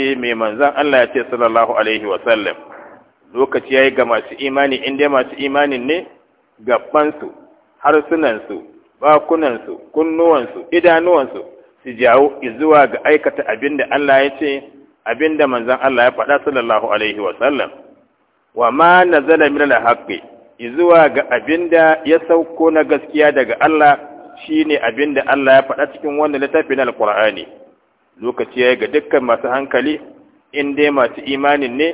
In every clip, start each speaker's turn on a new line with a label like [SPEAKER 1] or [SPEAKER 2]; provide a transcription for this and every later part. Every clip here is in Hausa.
[SPEAKER 1] ce mai manzan Allah ya ce sallallahu alaihi wasallam lokaci ya yi ga masu imani inda masu imani ne gabansu harsunansu bakunansu kunnuwansu idanuwansu su jawo zuwa ga aikata abinda da Allah ya ce abin manzan Allah ya faɗa sallallahu alaihi wasallam wa ma nazala min al-haqqi zuwa ga abinda ya sauko na gaskiya daga Allah shine abin da Allah ya faɗa cikin wannan littafin al lokaci ya yi ga dukkan masu hankali in dai masu imanin ne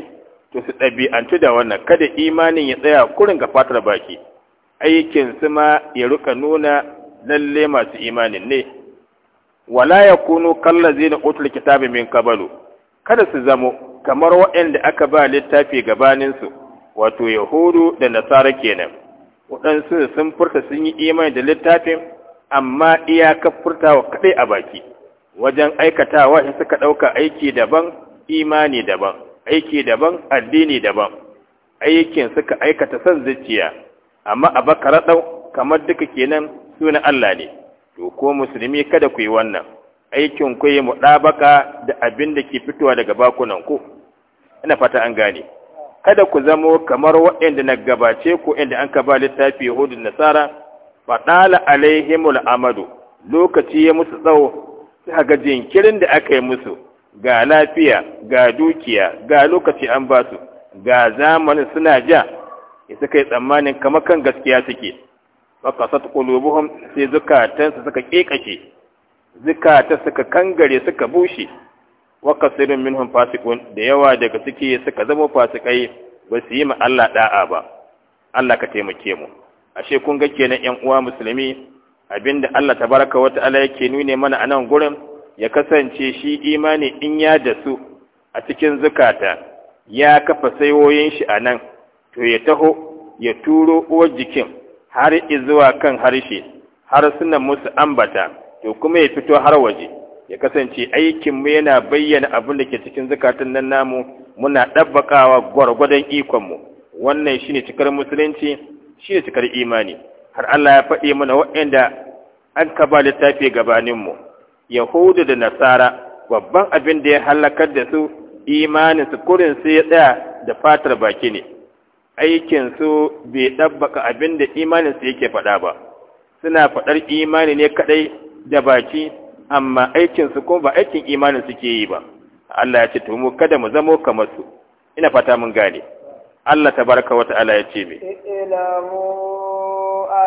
[SPEAKER 1] to su ɗabi'antu da wannan kada imanin ya tsaya kurin ga fatar baki aikin su ma ya ruka nuna lalle masu imanin ne wala ya kunu kalla zina otul kitabi min kabalu kada su zamo kamar waɗanda aka ba littafi gabaninsu wato yahudu da nasara kenan waɗansu sun furta sun yi imani da littafin amma iyaka furtawa kaɗai a baki wajen aikatawa in suka ɗauka aiki daban imani daban aiki daban addini daban aikin suka aikata son zuciya amma a bakara ɗau kamar duka kenan suna Allah ne to ko musulmi kada ku yi wannan aikin ku yi muɗabaka da abin da ke fitowa daga bakunan ku ina fata an gane kada ku zamo kamar waɗanda na gabace ku inda an ka ba littafi hudun nasara faɗala alaihimul amadu lokaci ya musu tsawo sai ga jinkirin da aka yi musu ga lafiya ga dukiya ga lokaci an ba su ga zamanin suna ja isa kai tsammanin kamar kan gaskiya suke fakasat qulubuhum sai zukatansu suka kekashe zukata suka kangare suka bushe wa kasirun minhum fasikun da yawa daga suke suka zama fasikai ba su yi ma Allah da'a ba Allah ka taimake mu ashe kun ga kenan ƴan uwa musulmi Abin da Allah Ta baraka wata ala yake nune mana a nan gurin ya kasance shi imani in ya da su a cikin zukata ya kafa saiwoyin shi a nan, to ya taho ya turo uwar jikin har zuwa kan harshe har suna musu ambata to kuma ya fito har waje ya kasance aikinmu yana bayyana abin da ke cikin zukatan nan namu muna ɗabbakawa gwargwadon ikonmu wannan shi ne cikar musulunci shi ne cikar imani har Allah ya faɗi mana waɗanda an ka ba littafi gabaninmu yahudu da nasara babban abin da ya halakar da su imanin su kurin su ya tsaya da fatar baki ne aikin bai ɗabbaka abin da imanin su yake faɗa ba suna faɗar imani ne kaɗai da baki amma aikin su kuma ba aikin imanin suke yi ba Allah ya ce to mu kada mu zamo kamar su ina fata mun gane Allah tabaraka wa ta'ala ya ce me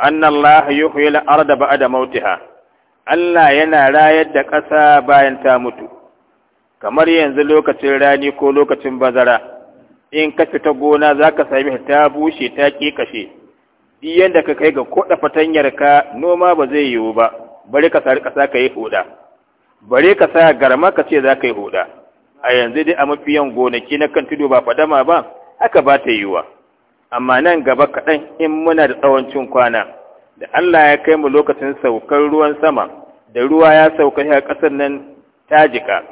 [SPEAKER 1] anna Allah yuhyi al-arda ba'da mautiha Allah yana rayar da ƙasa bayan ta mutu kamar yanzu lokacin rani ko lokacin bazara in ka fita gona zaka sami ta bushe ta kikashe yanda ka kai ga koda fatanyar ka noma ba zai yiwu ba bare ka sari ƙasa ka yi huda bare ka sa garma ka ce za ka yi huda a yanzu dai a mafiyan gonaki na kan tudu ba fadama ba haka ba ta yiwuwa amma nan gaba kaɗan in muna da tsawon cin kwana da Allah ya kai mu lokacin saukar ruwan sama da ruwa ya sauka ya ƙasar nan ta jika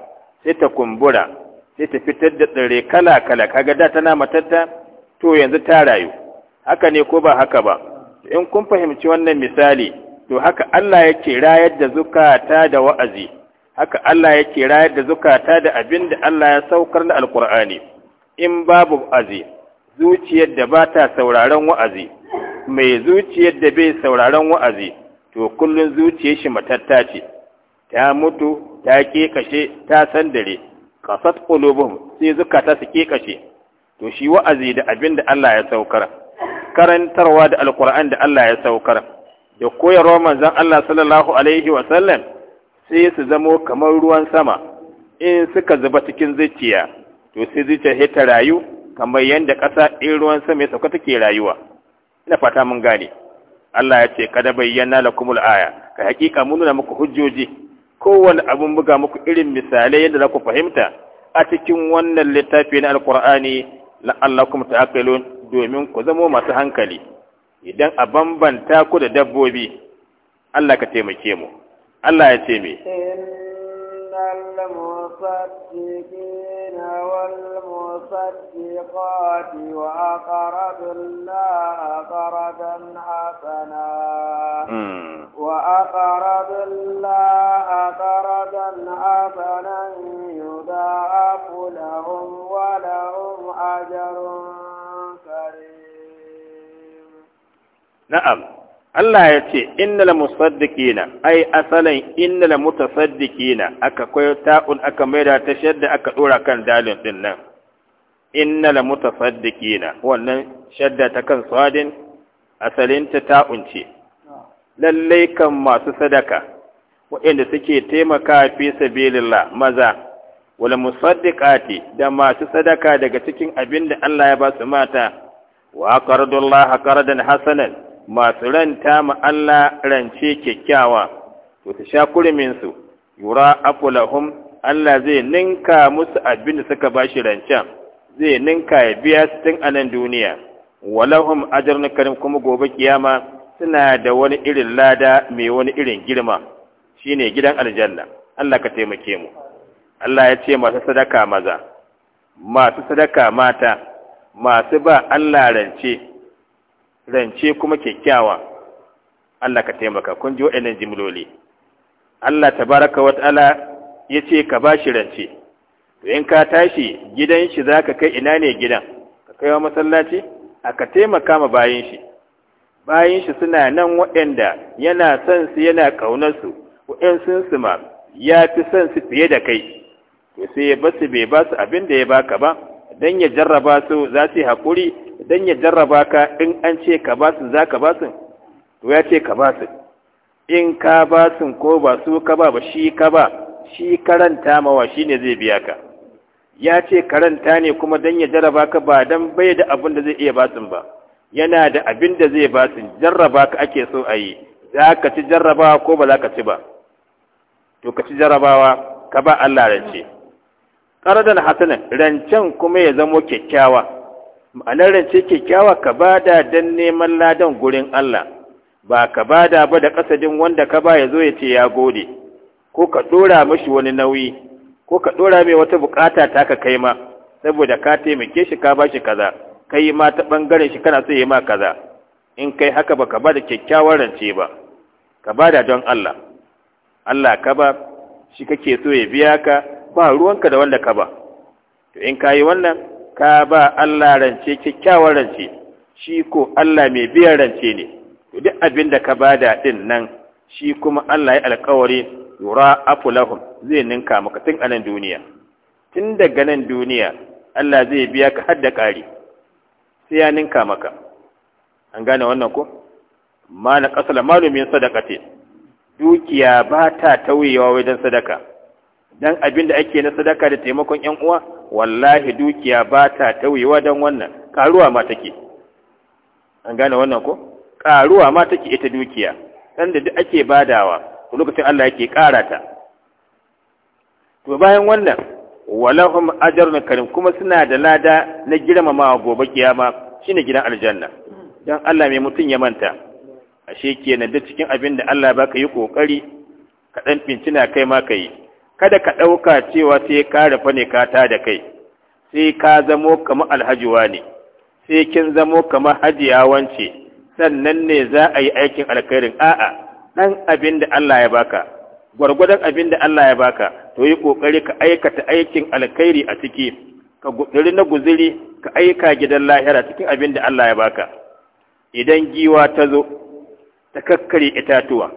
[SPEAKER 1] sai ta kumbura sai ta fitar da tsire kala-kala kaga da tana matatta to yanzu ta rayu haka ne ko ba haka ba in kun fahimci wannan misali to haka Allah yake rayar da zukata da wa'azi haka Allah yake rayar da zukata da abin da Allah ya saukar na alkur'ani in babu wa'azi zuciyar da ba ta sauraron wa'azi mai zuciyar da bai sauraron wa'azi to kullum zuciyar shi matatta ce ta mutu ta kashe ta sandare kasat qulubuhum sai zukata su kashe to shi wa'azi da abin da Allah ya saukar karantarwa da alkur'an da Allah ya saukar da koyarwa manzon Allah sallallahu alaihi wa sai su zamo kamar ruwan sama in suka zuba cikin zuciya to sai zuciya ta rayu kamar yadda ƙasa ɗin ruwan sama ya sauka take rayuwa ina fata mun gane Allah ya ce kada bayyana lakumul aya ka hakika mun nuna muku hujjoji kowanne abun buga muku irin misalai yadda za ku fahimta a cikin wannan littafi na alqur'ani la'allakum ta'qilun domin ku zamo masu hankali idan a bambanta ku da dabbobi Allah ka taimake mu Allah ya ce me
[SPEAKER 2] innal والصديقات وأقرضوا الله قرضا حسنا وأقرضوا الله قرضا حسنا يضاعف لهم ولهم أجر كريم
[SPEAKER 1] نعم Allah ya ce, Innal musaddiqina ai asalin innal mutasaddiqina aka koyo ta'un aka maida ta shadda aka ɗora kan dalin din nan. inna la mutasaddiqina wannan shadda ta kan sadin asalinta ta unce lallai kan masu sadaka waɗanda suke taimaka fi sabilillah maza wal musaddiqati da masu sadaka daga cikin abin da Allah ya ba su mata wa qardullaha qardan hasanan masu ranta ma Allah rance kyakkyawa to su sha kurmin su yura afulahum Allah zai ninka musu abin da suka shi rancen zai ninka ya biya su tun a nan duniya walahum na karim kuma gobe kiyama suna da wani irin lada mai wani irin girma shine gidan aljanna Allah ka taimake mu Allah ya ce masu sadaka maza masu sadaka mata masu ba Allah rance rance kuma kyakkyawa Allah ka taimaka kun ji waɗannan jimloli Allah tabaraka wa ta'ala yace ka bashi rance to in ka tashi gidan shi za ka kai ina ne gidan ka kai wa masallaci a ka taimaka ma bayan shi bayan shi suna nan waɗanda yana son su yana ƙaunarsu sun su ma ya fi son su fiye da kai to sai ya basu bai ba su abin da ya baka ba dan ya jarraba su za su yi haƙuri dan ya jarraba ka in an ce ka ba su za ka ba su to ya ce ka ba su in ka ba su ko ba su ka ba ba shi ka ba shi karanta mawa shi ne zai biya ka ya ce karanta ne kuma don ya jarraba ka ba don bai da abin da zai iya batsin ba yana da abin da zai batsin jarraba ka ake so a yi za ka ci jarrabawa ko ba za ka ci ba to ka ci jarrabawa ka ba Allah rance ƙaradar hasana rancen kuma ya zamo kyakkyawa ma'anar rance kyakkyawa ka ba da don neman ladan gurin Allah ba ka ba da ba da kasadin wanda ka ba ya zo ya ce ya gode ko ka ɗora mashi wani nauyi ko ka ɗora mai wata bukata ta ka kai ma saboda ka taimake shi ka bashi kaza kai ma ta ɓangaren shi kana so ya ma kaza in kai haka ba ka ba da kyakkyawar rance ba ka ba don Allah Allah ka ba shi kake so ya biya ka ba ruwanka da wanda ka ba to in ka yi wannan ka ba Allah rance kyakkyawar rance shi ko Allah mai biyan rance ne to duk abin da ka bada din nan shi kuma Allah ya alƙawari yura afulahum zai ninka maka tun anan duniya tun daga nan duniya Allah zai biya ka har da ƙari sai ya ninka maka an gane wannan ko ma na kasala malumin ce. dukiya ba ta tauyewa wajen sadaka dan abin da ake na sadaka da taimakon ƴan uwa wallahi dukiya ba ta tauyewa dan wannan karuwa ma take an gane wannan ko karuwa ma take ita dukiya dan da duk ake badawa lokacin Allah yake ƙara ta to bayan wannan walahum ajrun karim kuma suna da lada na girmamawa gobe kiyama shine gidan aljanna Don Allah mai mutum ya manta ashe kenan da cikin abin da Allah baka yi kokari ka dan fincina kai ma kai kada ka ɗauka cewa sai ka rafa ne ka ta da kai sai ka zamo kamar alhajiwa ne sai kin zamo kamar hajiya wance sannan ne za a yi aikin alkhairin a'a ɗan abin da Allah ya baka gwargwadon abin da Allah ya baka to yi ƙoƙari ka aikata aikin alkhairi a ciki ka guduri na guziri ka aika gidan lahira cikin abin da Allah ya baka idan giwa ta zo ta kakkarya itatuwa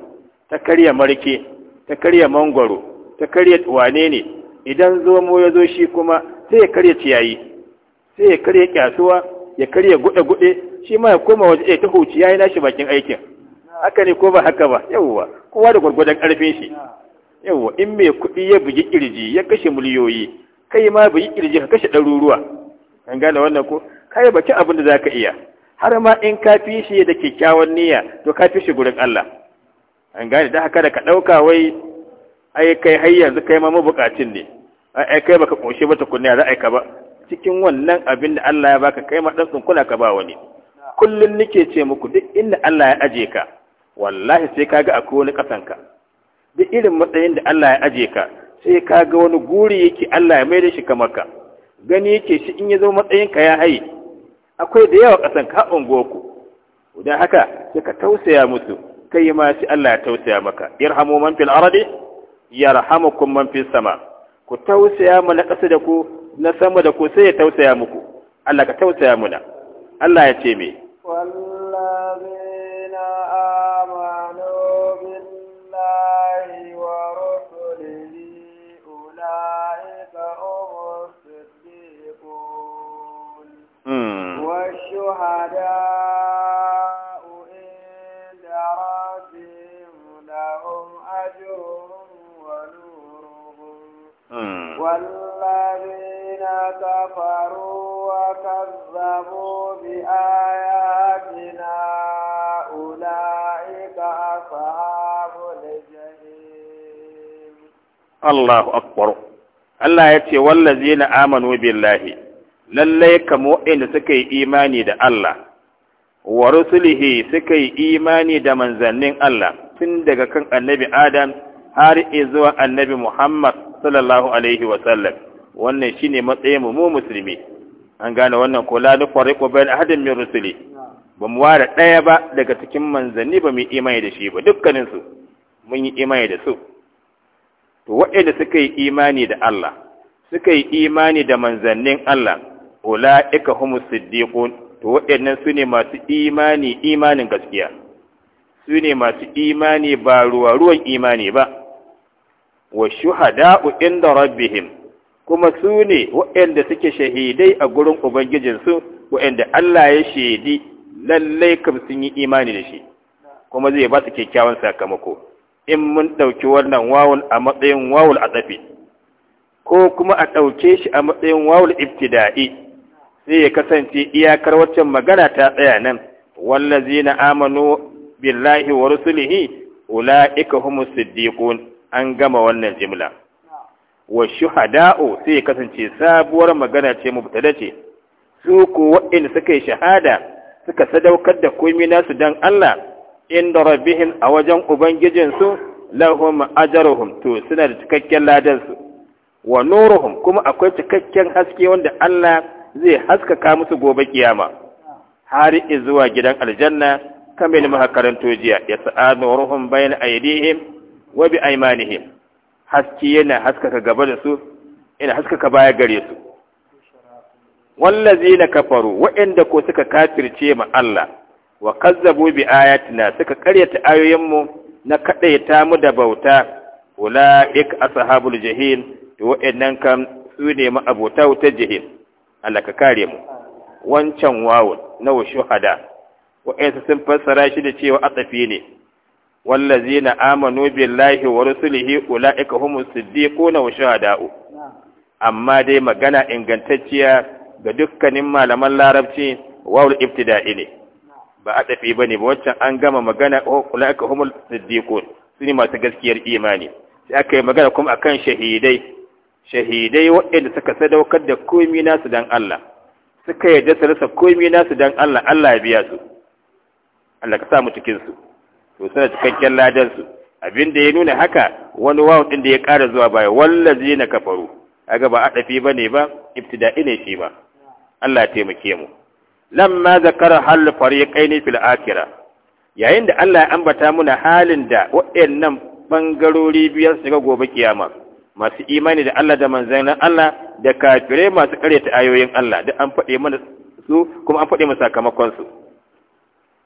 [SPEAKER 1] ta karya marke ta karya mangwaro ta karya wane ne idan zomo ya zo shi kuma sai ya karya ciyayi sai ya karya kyasuwa ya karya guɗe-guɗe. shi ma ya koma waje ta huci yi nashi bakin aikin haka ne ko ba haka ba yawwa kowa da gwargwadon karfin shi yawwa in mai kuɗi ya bugi kirji ya kashe miliyoyi kai ma bugi kirji ka kashe ɗaruruwa an gane wannan ko kai baki abin da ka iya har ma in ka fi shi da kyakkyawan niyya to ka fi shi gurin Allah an gane da haka da ka ɗauka wai ai kai har yanzu kai ma mabukacin ne ai kai baka ƙoshe ba tukunna za a ka ba cikin wannan abin da Allah ya baka kai ma ɗan tsunkuna ka ba wani kullum nake ce muku duk inda Allah ya aje ka wallahi sai ka ga akwai wani kasanka duk irin matsayin da Allah ya aje ka sai ka ga wani guri yake Allah ya maida shi kamar ka gani yake shi in ya zo matsayin ka ya haye akwai da yawa kasan ka ungoku dan haka sai ka tausaya musu kai ma sai Allah ya tausaya maka irhamu man fil ardi yarhamukum man fis sama ku tausaya na kasa da ku na sama da ku sai ya tausaya muku Allah ka tausaya muna Allah ya ce me
[SPEAKER 2] شهداء عند ربهم لهم أجرهم ونورهم والذين كفروا وكذبوا بآياتنا أولئك أصحاب الجحيم
[SPEAKER 1] الله أكبر Allah ya ce wallazina amanu billahi lallai kamo inda suka yi imani da Allah wa rusulihi suka yi imani da manzannin Allah tun daga kan annabi Adam har zuwa annabi Muhammad sallallahu alaihi wa sallam wannan shine matsayin mu musulmi an gane wannan ko la nufariqu bayan ahadin min rusuli ba mu ware ɗaya ba daga cikin manzanni ba mu imani da shi ba dukkaninsu. mun yi imani da su to waɗanda suka yi imani da Allah suka yi imani da manzannin Allah ula'ika humus siddiqun to waɗannan su masu imani imanin gaskiya su ne masu imani ba ruwa-ruwan imani ba wa shuhada'u inda rabbihim kuma su ne suke shahidai a gurin ubangijinsu waɗanda Allah ya shaidi lallai kam sun yi imani da shi kuma zai ba su kyakkyawan sakamako in mun ɗauki wannan wawul a matsayin wawul a tsafi ko kuma a ɗauke shi a matsayin wawul ibtida'i sai ya kasance iyakar waccan magana ta tsaya nan wallazi na amanu billahi wa rusulihi ula'ika humus siddiqun an gama wannan jimla wa shuhada'u sai ya kasance sabuwar magana ce mubtada ce su ko wa'in suka yi shahada suka sadaukar da komai nasu dan Allah inda rabbihim a wajen ubangijinsu lahum ajruhum to suna da cikakken su wa nuruhum kuma akwai cikakken haske wanda Allah zai haskaka musu gobe kiyama har zuwa gidan aljanna kamar muka karanto jiya ya sa'adu ruhum bayan aydihim wa bi aymanihim haske yana haskaka gaba da su yana haskaka baya gare su wallazina kafaru wa'inda ko suka kafirce ma Allah wa kazzabu bi ayatina suka karyata mu na kadaita mu da bauta ulaika ashabul jahim to wa'annan kam su ne ma abota wuta jahim Allah ka kare mu wancan wawun na wa shuhada wa'ansu sun fassara shi da cewa atsafi ne wallazina amanu billahi wa rusulihi ulaika humus siddiquna wa shuhada'u amma dai magana ingantacciya ga dukkanin malaman larabci wawul ibtida'i ne ba a tafi bane ba waccan an gama magana oh, ulaika humus siddiqun sune masu gaskiyar imani sai aka yi magana kuma akan shahidai shahidai waɗanda suka sadaukar da komi nasu dan Allah suka yarda su rasa komi nasu dan Allah Allah ya biya su Allah ka sa mu cikin su to suna cikakken ladan su abin ya nuna haka wani wawu din da ya ƙara zuwa baya na kafaru aga ba a bane ba ibtida'i ne shi ba Allah ya taimake mu lamma zakara hal fariqaini fil akhirah yayin da Allah ya ambata muna halin da waɗannan bangarori biyar su ga gobe kiyama masu imani da Allah da manzan Allah da kafirai masu karyata ayoyin Allah da an faɗe mana su kuma an faɗe mana sakamakon su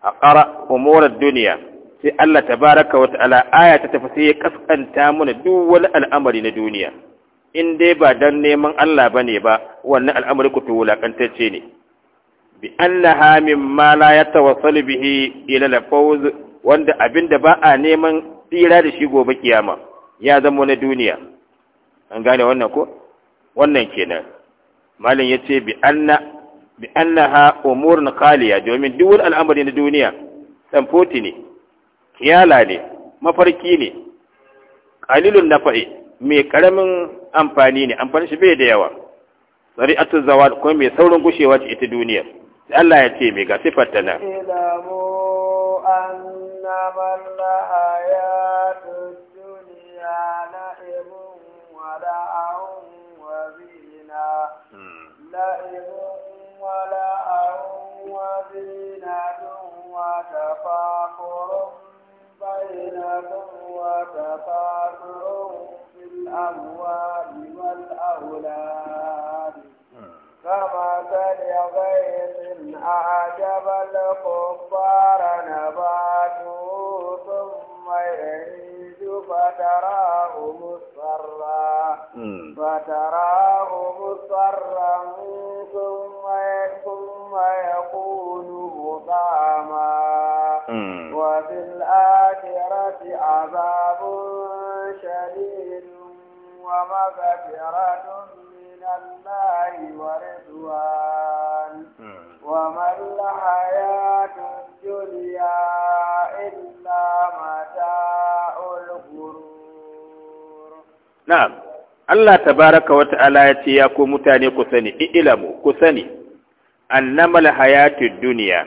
[SPEAKER 1] a ƙara umurar duniya sai Allah baraka wa ta'ala aya ta tafi sai ya kaskanta mana duk wani al'amari na duniya in dai ba dan neman Allah bane ba wannan al'amari ku to ne bi annaha mimma la yatawassalu bihi ila al-fawz wanda abinda ba a neman tsira da shi gobe kiyama ya zama na duniya an gane wannan ko wannan kenan malam ya ce bi ha umurun khaliya domin duk wani al'amari na duniya tsamfoti ne kiyala ne mafarki ne kalilun na fa’i mai karamin amfani ne amfani shi bai da yawa tsari sari'atu zawa kuma mai saurin gushewa ce ita duniya sai Allah ya ce mai ga ta na
[SPEAKER 2] لئم ولعن وزينة وتفاخر بينكم وتفاخر في الأموال والأولاد كمثل غيث أعجب الكفار نباته ثم يهيج فتراه مصفرا فتراه مغفرة من الله ورضوان وما الحياة الدنيا إلا
[SPEAKER 1] متاع الغرور نعم Allah tabaraka wa ta'ala ya ce ya ku mutane ku sani ilamu ku sani annamal hayatud duniya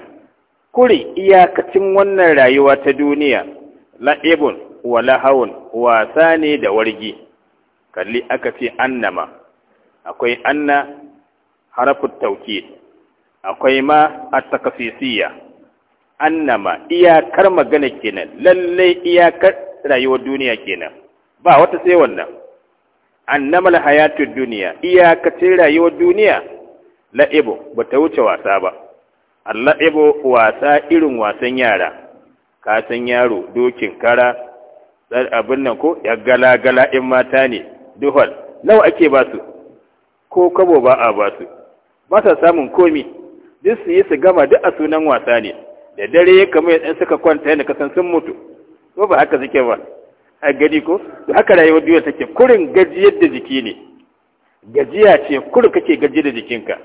[SPEAKER 1] kuri iyakacin wannan rayuwa ta duniya la'ibun wa lahawun wasa ne da wargi kalli aka ce annama akwai anna harafin tauki akwai ma a takafisiya annama iyakar magana kenan lalle iyakar rayuwar duniya kenan ba wata sai wannan annamal hayatun duniya iyakacin rayuwar duniya la'ibu ba ta wuce wasa ba alla'ibu wasa irin wasan yara ka san yaro dokin kara abin nan ko ya gala-gala in mata ne duhol nawa ake ba su ko kabo ba a ba su ba sa samun komi duk su yi su gama duk a sunan wasa ne da dare ya kama yadda suka kwanta yana kasan sun mutu ko ba haka suke ba a gani ko to haka rayuwar duniya take kurin gajiyar da jiki ne gajiya ce kurin kake gajiyar da jikinka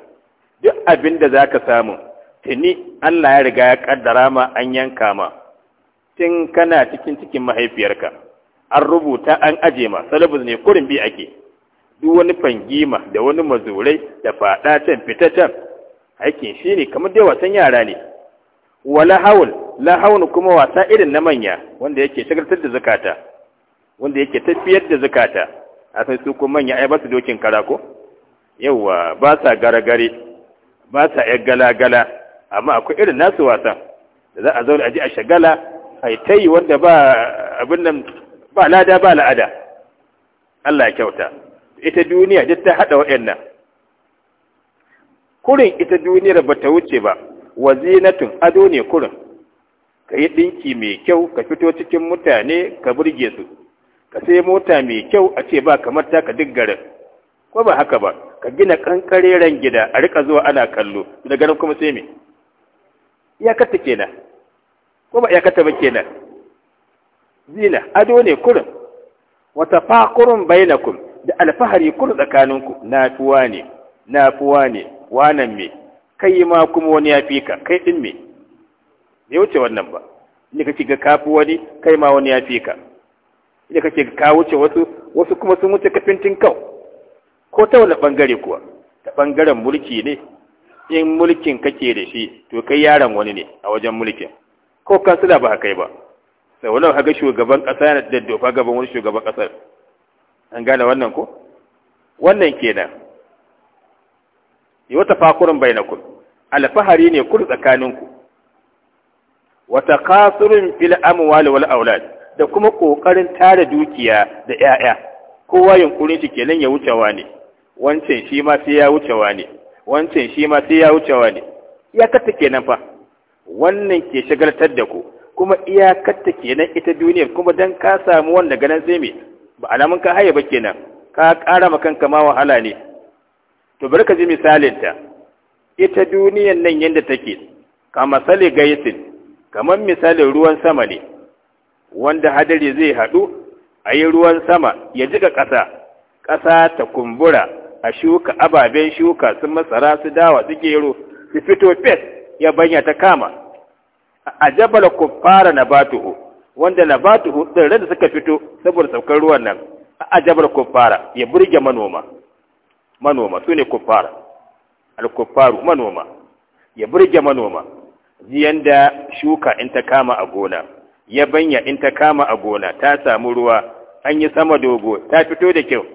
[SPEAKER 1] duk abin da ka samu tuni Allah ya riga ya kaddara ma an yanka ma tun kana cikin cikin mahaifiyarka an rubuta an aje ma salabus ne kurin bi ake duk wani fangima da wani mazurai da fada can fita can aikin shi ne kamar dai wasan yara ne wala haul la kuma wasa irin na manya wanda yake shagartar da zakata wanda yake tafiyar da zakata a sai su kuma manya ai ba su dokin karako ko yawa ba sa garagare ba sa yar galagala amma akwai irin nasu wasan da za a zauna a ji a shagala ai tai wanda ba abin nan ba lada ba la'ada Allah ya kyauta ita duniya duk ta haɗa waɗannan kurin ita duniyar ba ta wuce ba wazinatun ado ne kurin ka yi ɗinki mai kyau ka fito cikin mutane ka burge su ka sai mota mai kyau a ce ba kamar ta ka duk garin ko ba haka ba ka gina kankareren gida a rika zuwa ana kallo da garin kuma sai me iyakarta kenan ko ba iyakarta ba kenan zina ado ne kurin wata fakurun bainakum da alfahari kurin tsakaninku nafuwa ne fuwa ne wanan me kai ma kuma wani ya fi ka kai din me bai wuce wannan ba inda kace ga kafu wani kai ma wani ya fi ka inda kace ga ka wuce wasu wasu kuma sun wuce kafintin kau ko ta wani bangare kuwa ta bangaren mulki ne in mulkin kake da shi to kai yaron wani ne a wajen mulkin ko kansila ba kai ba da wannan kaga shugaban kasa yana da dofa gaban wani shugaban kasar an gane wannan ko wannan kenan yi wata fakurin bainakun. alfahari ne kur tsakaninku wata kasurin fil amwal wal aulad da kuma kokarin tara dukiya da 'ya'ya kowa yunkurin shi kenan ya wucewa ne wancan shi ma sai ya wucewa ne wancan shi ma sai ya wucewa ne ya kata kenan fa wannan ke shagaltar da ku kuma iyakarta kenan ita duniyar kuma dan ka samu wanda ganin zai mai ba alamun ka haye ba kenan ka ƙara ma kanka ma wahala ne to bari ka ji misalin ta ita duniyar nan yanda take ka masali gaisin kamar misalin ruwan sama ne wanda hadari zai haɗu a yi ruwan sama ya jika ƙasa ƙasa ta kumbura a shuka ababen shuka sun masara su dawa su gero su fito fes ya banya ta kama a jabal kuffara nabatuhu wanda nabatuhu tsirrai da suka fito saboda saukar ruwan nan a jabal kuffara ya burge manoma manoma su ne kuffara al-kuffaru manoma ya burge manoma yanda shuka in ta kama a gona ya yabanya in ta kama a gona ta samu ruwa an yi sama dogo ta fito da kyau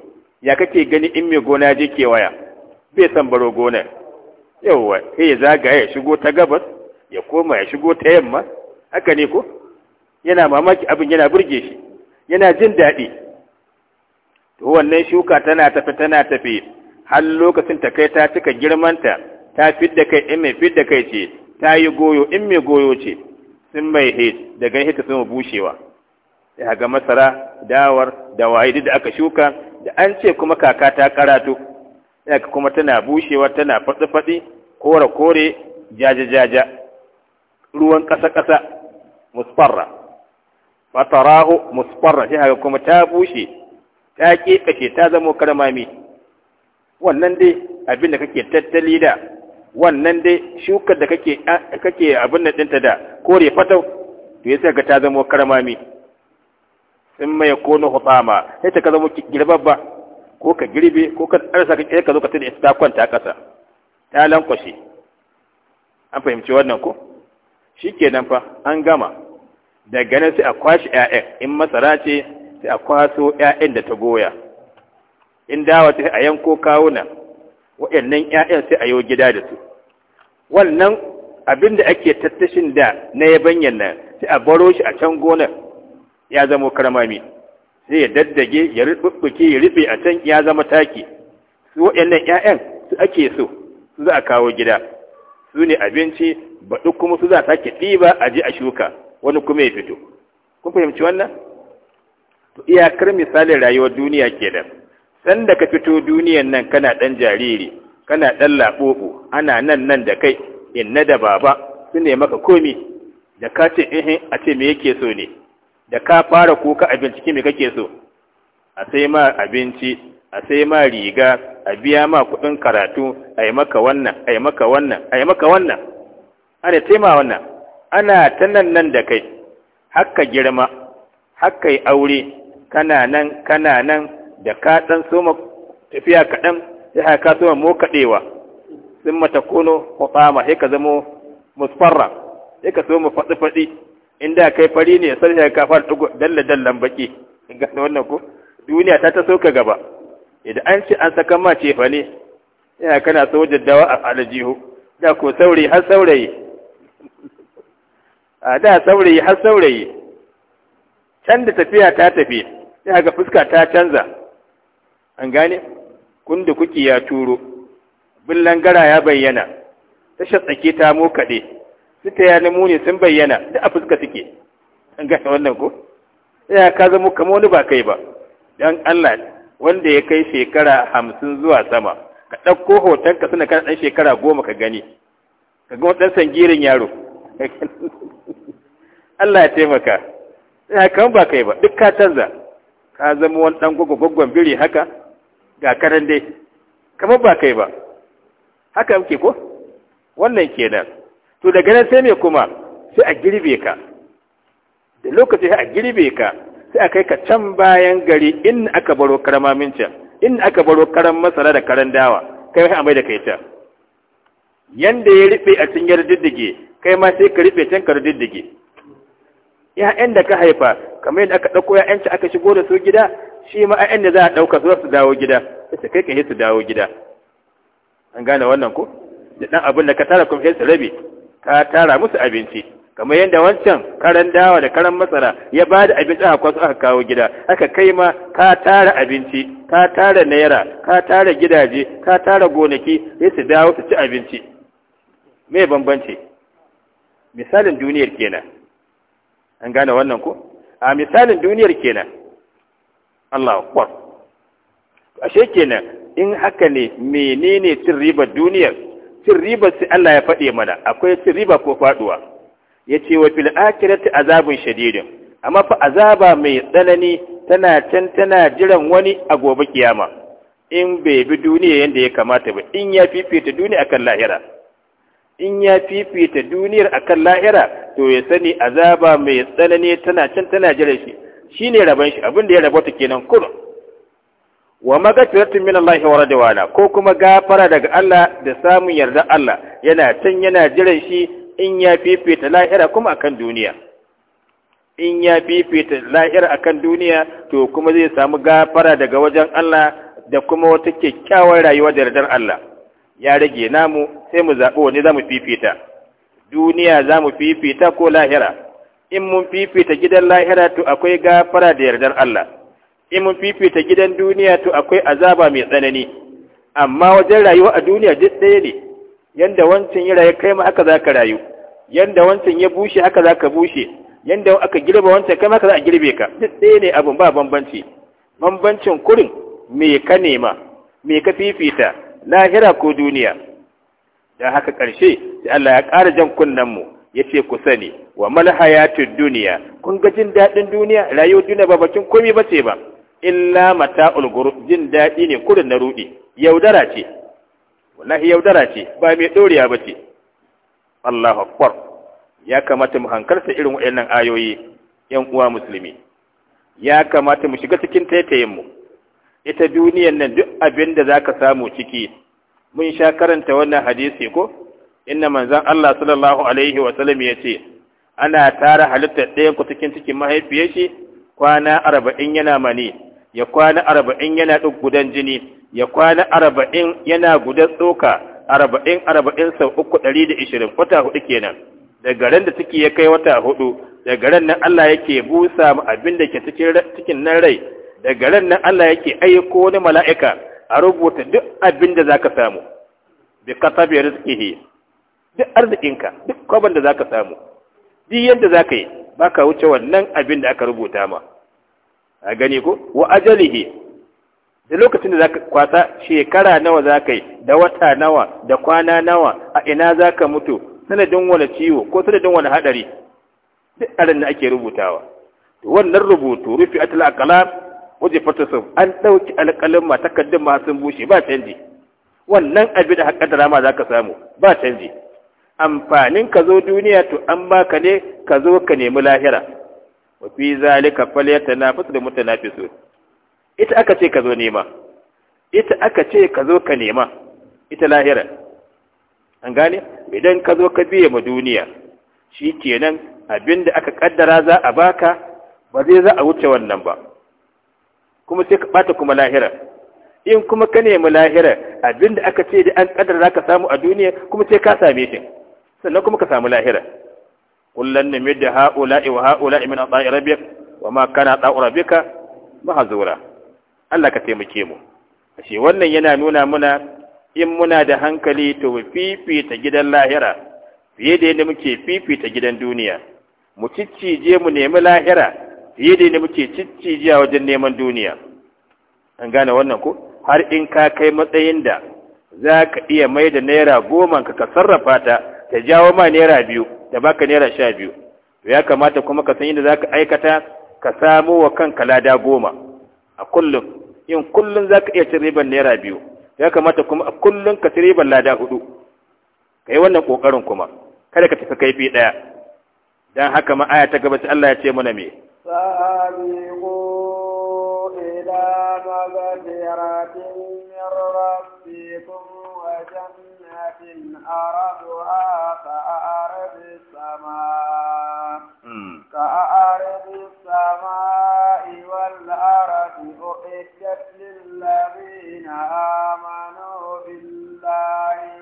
[SPEAKER 1] ya kake gani in mai gona je kewaya bai san baro gonar yauwa sai ya zagaye ya shigo ta gabas ya koma ya shigo ta yamma haka ne ko yana mamaki abin yana burge shi yana jin daɗi to wannan shuka tana tafi tana tafi har lokacin ta kai ta cika girmanta ta fidda kai in mai fidda kai ce ta yi goyo in mai goyo ce sun mai hit daga hita sun bushewa ya ga masara dawar da waye da aka shuka da an ce kuma kaka ta karatu ya kuma tana bushewa tana faɗi-faɗi kore-kore jaja-jaja ruwan ƙasa-ƙasa musfarra fatarahu musfarra shi haka kuma ta bushe ta kekashe ta zama karmami wannan dai abin da kake tattali da wannan dai shukar da kake kake abin da ɗinta da kore fatau to yasa ga ta zama karmami in mai kono hutama sai ta ka zama girbabba ko ka girbe ko ka arsa ka ka zo ka tada ta kwanta ƙasa ta lankwashe an fahimci wannan ko shi kenan fa an gama daga nan sai a kwashi 'ya'yan in masara ce sai a kwaso 'ya'yan da ta goya in dawa sai a yanko kawuna waɗannan 'ya'yan sai a yi gida da su wannan abin da ake tattashin da na yabanyan nan sai a baro shi a can gonar ya zama karmami sai ya daddage ya rufe-rufe, ya rufe a can ya zama taki su waɗannan 'ya'yan su ake so su za a kawo gida su ne abinci Ba baɗi kuma su za sake ba a ji a shuka wani kuma ya fito kun fahimci wannan to iyakar misalin rayuwar duniya ke san Sanda ka fito duniyan nan kana ɗan jariri kana ɗan laɓoɓo ana nan nan da kai inna da baba su ne maka komi da ka ce ihin a ce me yake so ne da ka fara kuka a bincike me kake so a sai ma abinci a sai ma riga a biya ma kuɗin karatu a yi maka wannan a yi maka wannan a yi maka wannan ana taima wannan ana ta nan nan da kai haka girma hakka yi aure kana nan kana nan da ka ɗan soma tafiya kaɗan sai haka ka soma mokaɗewa sun mata kono kwaɓama sai ka zamo musfarra sai ka soma faɗi-faɗi inda kai fari ne sai ka fara ɗugo dalla-dallan ga gane wannan ko duniya ta ta soka gaba idan an ce an saka ma cefa ne yana kana so jaddawa a aljihu da ko saurayi har saurayi a da saurayi har saurayi can da tafiya ta tafi sai ga fuska ta canza an gane kun da kuke ya turo billan gara ya bayyana tashar tsake ta mo kaɗe su ta yana muni sun bayyana da a fuska suke an gane wannan ko ya ka zama kama wani ba kai ba dan Allah wanda ya kai shekara hamsin zuwa sama ka ɗauko hoton ka suna kana ɗan shekara goma ka gani ka ga wani ɗan yaro Allah ya taimaka ya kan ba kai ba duk ka canza ka zama wani ɗan gwagwagwan biri haka ga karan dai kamar ba kai ba haka muke ko wannan kenan to daga nan sai me kuma sai a girbe ka da lokaci sai a girbe ka sai a kai ka can bayan gari in aka baro karamamin can in aka baro karan masara da karan dawa kai mai da kai can yanda ya rufe a cin diddige kai ma sai ka rufe can ka diddige ya'yan da ka haifa kamar yadda aka ɗauko ya'yanci aka shigo da su gida shi ma ya'yan da za a ɗauka su su dawo gida sai kai ka yi su dawo gida an gane wannan ko da ɗan abin da ka tara kuma sai su rabe ka tara musu abinci kamar yadda wancan karan dawa da karan masara ya ba da abinci a kwaso aka kawo gida aka kai ma ka tara abinci ka tara naira ka tara gidaje ka tara gonaki sai su dawo su ci abinci me bambanci misalin duniyar kenan an gane wannan ko a misalin duniyar kenan Allah akbar ashe kenan in haka ne menene cin ribar duniyar cin ribar sai Allah ya faɗe mana akwai cin riba ko faduwa yace wa fil akhirati azabun shadidin amma fa azaba mai tsanani tana can tana jiran wani a gobe kiyama in bai bi duniya yadda ya kamata ba in ya fifita duniya akan lahira in ya fifita duniyar a kan lahira to ya sani azaba mai tsanani tana can tana jira shi Shi ne raban shi abin ya rabota kenan kurun wa magfiratun min Allah wa radwana ko kuma gafara daga Allah da samun yarda Allah yana can yana jirai shi in ya fifita lahira kuma akan duniya in ya fifita lahira akan duniya to kuma zai samu gafara daga wajen Allah da kuma wata kyakkyawar rayuwa da yardar Allah ya rage namu sai mu zaɓi wani za mu fifita duniya za mu fifita ko lahira in mun fifita gidan lahira to akwai gafara da yardar Allah in mun fifita gidan duniya to akwai azaba mai tsanani amma wajen rayuwa a duniya duk ɗaya ne yanda wancan ya rayu kai ma haka za ka rayu yanda wancan ya bushe haka za ka bushe yanda aka girbe wancan kai ma haka za a girbe ka duk ɗaya ne abun ba bambanci bambancin kurin me ka nema me ka fifita lahira ko duniya dan haka ƙarshe sai Allah ya kara jan kunnen mu yace ku sani wa mal hayatud duniya kun ga jin dadin duniya rayuwar duniya ba bakin komai bace ba illa mata'ul ulguru jin dadi ne kurin na rudi yaudara ce wallahi yaudara ce ba mai doriya bace Allahu akbar ya kamata mu hankalta irin waɗannan ayoyi yan uwa musulmi ya kamata mu shiga cikin taitayen mu ita duniyan nan duk abin da za ka samu ciki mun sha karanta wannan hadisi ko inna manzan Allah sallallahu alaihi wa sallam ya ce ana tara halittar ɗayan ku cikin cikin mahaifiyar shi kwana arba'in yana mani ya kwana arba'in yana duk gudan jini ya kwana arba'in yana gudan tsoka arba'in arba'in sau uku ɗari da ishirin wata hudu kenan daga ran da ciki ya kai wata hudu daga ran nan Allah yake busa mu abin da ke cikin nan rai daga ran nan Allah yake aiko wani mala'ika a rubuta duk abin da zaka samu bi katabi rizqihi duk arzikinka duk kwaban da zaka samu duk yadda zaka yi baka wuce wannan abin da aka rubuta ma a gani ko wa ajalihi da lokacin da zaka kwasa shekara nawa zaka yi da wata nawa da kwana nawa a ina zaka mutu sanadin wani ciwo ko sanadin wani hadari duk arin da ake rubutawa wannan rubutu rufi atal aqlam waje fatasun an ɗauki alƙalin ma takardun ma sun bushe ba canji wannan abin da haƙadara ma za ka samu ba canji amfanin ka zo duniya to an baka ne ka zo ka nemi lahira wa fi zalika falyatanafasu da so ita aka ce ka zo nema ita aka ce ka zo ka nema ita lahira an gane idan ka zo ka biye ma duniya shi abin abinda aka ƙaddara za a baka ba zai za a wuce wannan ba kuma sai ka bata kuma lahira in kuma ka nemi lahira abinda aka ce da an kadar ka samu a duniya kuma sai ka same shi sannan kuma ka samu lahira kullan ne da wa haula min ata'i rabbik wa ma kana ta'u rabbika mahzura Allah ka taimake mu ashe wannan yana nuna muna in muna da hankali to fifita gidan lahira fiye da yadda muke fifita gidan duniya mu je mu nemi lahira yadda da muke jiya wajen neman duniya an gane wannan ko har in ka kai matsayin da za ka iya mai da naira goma ka ka sarrafa ta ta jawo ma naira biyu da baka naira sha biyu ya kamata kuma ka san yadda za ka aikata ka samo wa kanka lada goma a kullum in kullum za ka iya cin ribar naira biyu ya kamata kuma a kullum ka ci ribar lada hudu ka yi wannan ƙoƙarin kuma kada ka tafi kaifi ɗaya don haka ma aya ta gaba Allah ya ce mana me
[SPEAKER 2] سابقوا إلى مغفرة من ربكم وجنة أرضها كأرض السماء كأرض السماء والأرض أعدت للذين آمنوا بالله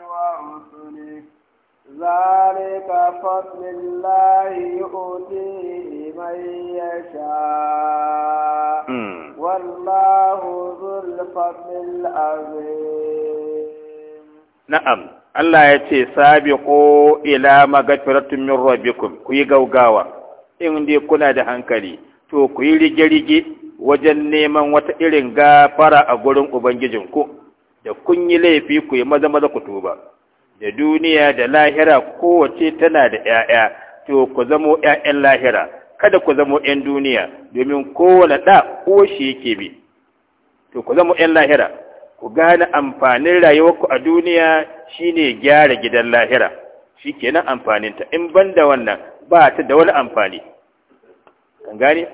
[SPEAKER 2] ذلك فضل الله يؤتيه من يشاء والله ذو الفضل
[SPEAKER 1] Allah ya ce, Sabiƙo ila magafiratun min rabbikum ku gaugawa, in kuna da hankali, to kuyi yi rige-rige wajen neman wata irin gafara a gurin ubangijin ku da kun yi laifi ku yi maza-maza ku tuba. da duniya da lahira kowace tana da ‘ya'ya, to ku zamo ‘ya'yan lahira, kada ku zamo ‘yan duniya, domin kowane ɗa ko shi yake bi, to ku zamo ‘yan lahira, ku gane amfanin rayuwarku a duniya shine gyara gidan lahira, shi kenan amfaninta, in ban da wannan ba ta da wani amfani. Kan gane?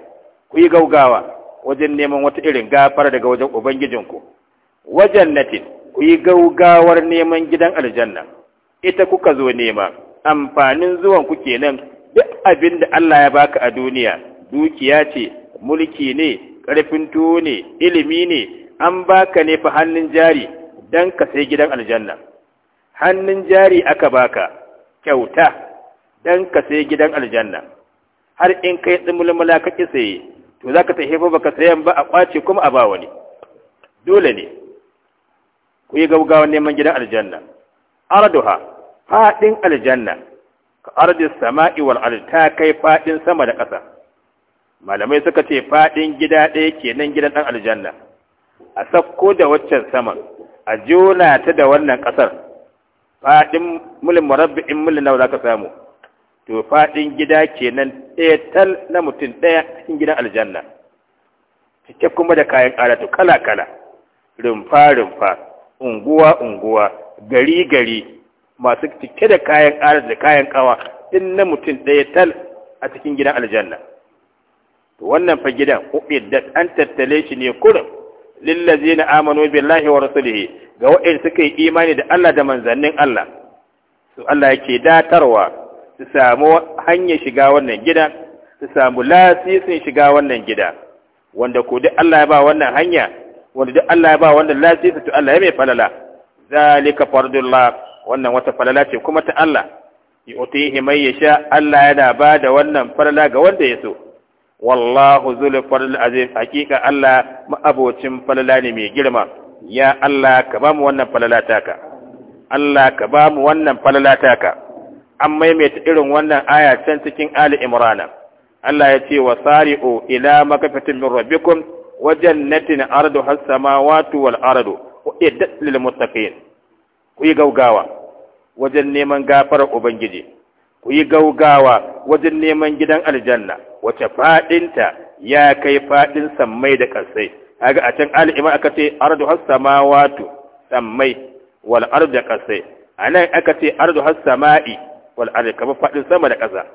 [SPEAKER 1] Ku yi gaugawa wajen neman wata irin gafara daga wajen Ubangijinku, wajen natin, ku yi gaugawar neman gidan aljanna ita kuka zo nema amfanin zuwan ku kenan duk abin da Allah ya baka a duniya dukiya ce mulki ne ƙarfin tuwo ne ilimi ne an baka ne fa hannun jari don ka sai gidan aljanna hannun jari aka baka kyauta don ka sai gidan aljanna har in kai tsumulmula ka ki saye to za ka tafi ba ka sayan ba a kwace kuma a ba wani dole ne ku yi gaugawa neman gidan aljanna arduha fadin aljanna ka ardi sama'i wal ardi ta kai fadin sama da ƙasa malamai suka ce fadin gida ɗaya kenan gidan dan aljanna a sakko da waccan saman a jona ta da wannan ƙasar fadin mulin in mulin nawa zaka samu to fadin gida kenan ɗaya tal na mutum ɗaya cikin gidan aljanna cike kuma da kayan alatu kala kala rumfa rumfa unguwa-unguwa gari-gari masu cike da kayan arziki da kayan kawa in na mutum ɗaya tal a cikin gidan aljanna wannan fa gidan uɓiddat an tattale shi ne kurin lillazi na amanu billahi wa rasulihi ga wa'in suka yi imani da Allah da manzannin Allah su Allah yake datarwa su samu hanyar shiga wannan gida su samu lasisin shiga wannan gida wanda ko duk Allah ya ba wannan hanya wanda duk Allah ya ba wanda lafiya to Allah ya mai falala zalika fardullah wannan wata falala ce kuma ta Allah yu'tihi man yasha Allah yana ba da wannan falala ga wanda ya so wallahu zul fadl azim hakika Allah ma'abocin falala ne mai girma ya Allah ka ba mu wannan falala taka Allah ka ba mu wannan falala taka an maimaita irin wannan aya can cikin Ali Imran Allah ya ce wa sari'u ila makafatin min rabbikum wajen natin ardu har sama watu wal ardu uiddat daɗin muttaqin ku yi gaugawa wajen neman gafarar ubangiji ku yi gaugawa wajen neman gidan aljanna wace faɗinta ya kai fadin sammai da kasai kaga a can al'ima aka ce ardu har sama watu sammai wal ardu da kasai anan aka ce ardu har sama'i wal ardu kamar fadin sama da kasa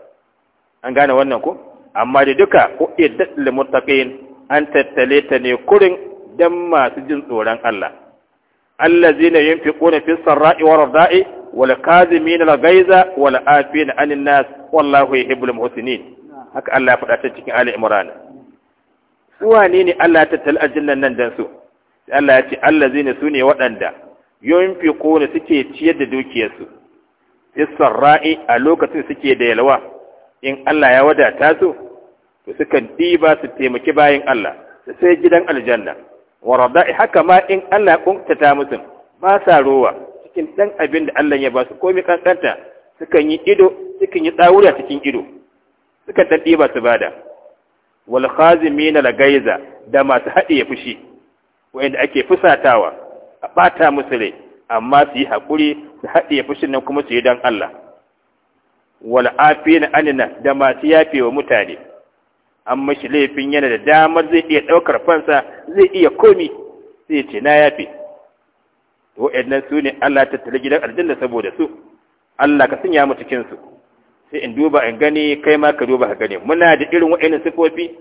[SPEAKER 1] an gane wannan ko amma da duka ku iddat daɗin muttaqin an tattale ta ne kurin dan masu jin tsoron Allah allazina yunfiquna fi sarra'i wa ra'i wal kazimin al gaiza wal afina anin nas wallahu yuhibbul muhsinin haka Allah ya faɗa ta cikin Ali Imran su wane ne Allah ya tattala aljannan nan dan su Allah ya ce allazina ne waɗanda yunfiquna suke ciyar da dukiyarsu Fi sarra'i a lokacin suke da yalwa in Allah ya wadata su to suka ɗiba su taimaki bayan Allah su sai gidan aljanna wa rada'i haka ma in Allah ya kuntata musu ba sa rowa cikin dan abin da Allah ya ba su komai kankanta sukan yi ido sukan yi tsawura cikin ido sukan dan diba su bada wal na la gaiza da masu haɗe fushi wanda ake fusatawa a bata musu rai amma su yi haƙuri su haɗe fushin nan kuma su yi don Allah wal afina anina da masu yafe wa mutane an mashi laifin yana da damar zai iya ɗaukar fansa zai iya komi sai ce na yafe wa'annan su ne Allah ta tattali gidan aljanna saboda su Allah ka sanya mu cikin su sai in duba in gani kai ma ka duba ka gani muna da irin wa'annan sifofi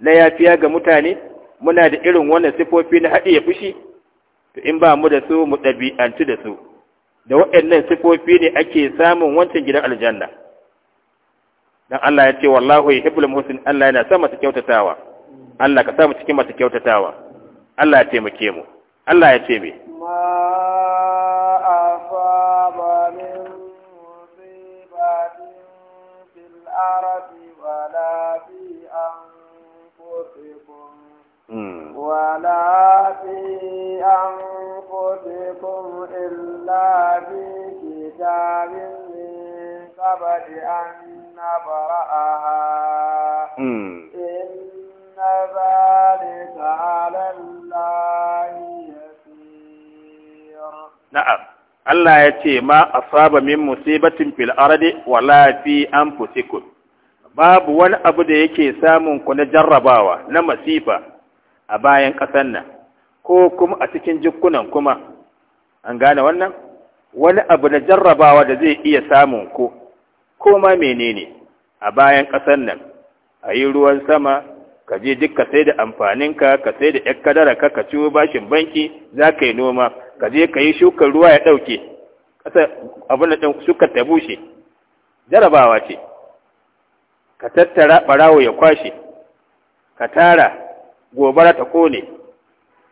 [SPEAKER 1] na yafiya ga mutane muna da irin wannan sifofi na haɗiye fushi to in ba mu da su mu ɗabi'antu da su da wa'annan sifofi ne ake samun wancan gidan aljanna dan Allah ya ce wallahu yuhibbul muhsin Allah yana son masu kyautatawa Allah ka sa mu cikin masu kyautatawa Allah ya taimake mu Allah ya ce me
[SPEAKER 2] ولا في أنفسكم إلا في كتاب من قبل أن برأها إن ذلك على الله يسير
[SPEAKER 1] نعم Allah ya ce ma asaba min musibatin fil ardi wala fi anfusikum babu wani abu da yake samun ku na jarrabawa na masifa a bayan ƙasar nan ko kuma a cikin jikunan kuma an gane wannan wani abu na jarrabawa da zai iya samun ku koma menene a bayan ƙasar nan a yi ruwan sama ka je duk ka sai da amfaninka ka sai da ‘yar kadara ka ka ciwo bashin banki za ka yi noma ka je ka yi shukar ruwa ya ɗauke ƙasar abin da ɗan shukar ta bushe jarabawa ce ka tattara ɓarawo ya kwashe ka tara gobara ta kone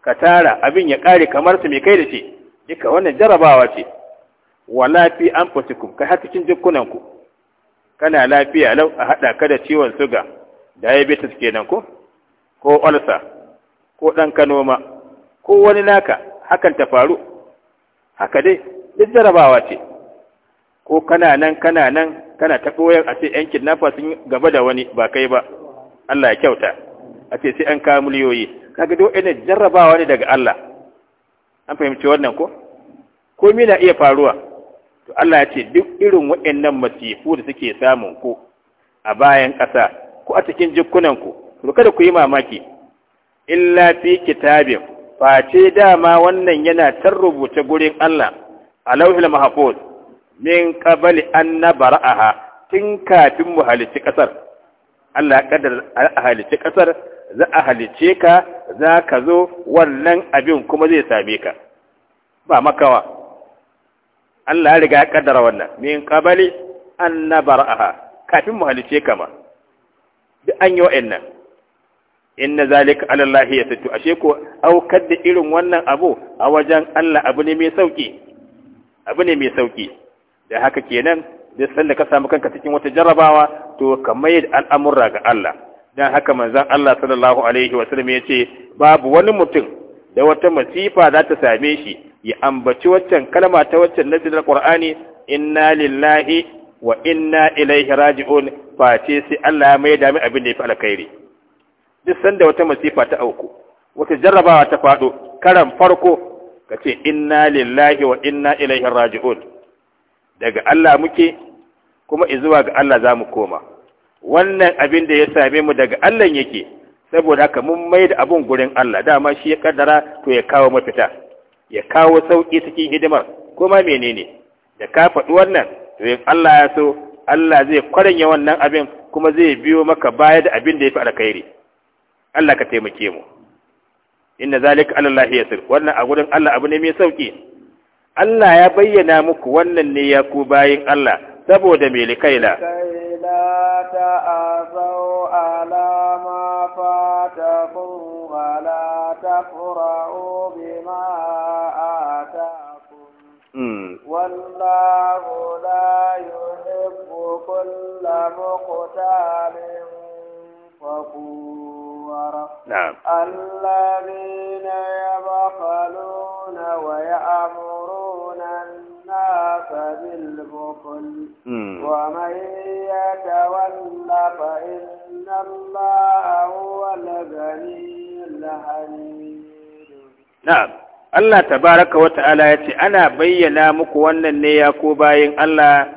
[SPEAKER 1] ka tara abin ya ƙare kamar su mai kai da ce duka wannan jarabawa ce wala fi an fasikun kai har cikin jikunanku kana lafiya lau a haɗa ka da ciwon suga diabetes kenan ko ko ulcer ko ɗan kanoma ko wani naka hakan ta faru haka dai duk jarabawa ce ko kana nan kana nan kana ta koyar a ce yan kidnapper sun gaba da wani ba kai ba Allah ya kyauta a ce sai an kawo miliyoyi kaga duk ina jarrabawa ne daga Allah an fahimci wannan ko ko na iya faruwa to Allah ya ce duk irin waɗannan masifu da suke samun ku a bayan ƙasa ko a cikin jikunan ku to kada ku yi mamaki illa fi kitabin face dama wannan yana tar rubuce gurin Allah a lauhul mahfuz min qabli an nabra'aha tun kafin mu halici ƙasar Allah ya kaddara a halici ƙasar za a halice ka za ka zo wannan abin kuma zai same ka ba makawa Allah ya riga ya kaddara wannan min qabali an nabar'aha kafin mu halice kama duk an yi wa'annan inna zalika ala Allah ya tattu ashe ko aukar da irin wannan abu a wajen Allah abu ne mai sauki abu ne mai sauki da haka kenan duk sanda ka samu kanka cikin wata jarrabawa to ka yadda al'amurra ga Allah dan haka manzon Allah sallallahu alaihi wa yace babu wani mutum da wata masifa za ta same shi ya ambaci waccan kalma ta waccan nasin alqur'ani inna lillahi wa inna ilaihi raji'un face sai Allah ya mai da mu abin da ya fi alkhairi duk sanda wata masifa ta auku wata jarrabawa ta faɗo karan farko ka ce inna lillahi wa inna ilaihi raji'un daga Allah muke kuma izuwa ga Allah za mu koma wannan abin da ya same mu daga Allah yake saboda haka mun mai da abun gurin Allah dama shi ya kaddara to ya kawo mafita ya kawo sauƙi cikin hidimar ko ma menene da ka faɗi wannan to Allah ya so Allah zai kwarenya wannan abin kuma zai biyo maka baya da abin da ya fi alkhairi Allah ka taimake mu inna zalika ala Allah yasir wannan a gurin Allah abu ne mai sauki Allah ya bayyana muku wannan ne ya ku bayin Allah saboda melikaila
[SPEAKER 2] kaila ta azau ala والله لا يحب كل مختال فخور نعم الذين يبخلون ويأمرون الناس بالبخل ومن يتولى فإن الله هو الغني الحميد
[SPEAKER 1] نعم Allah tabaraka wa ta'ala ya ce ana bayyana muku wannan ne ya ko bayin Allah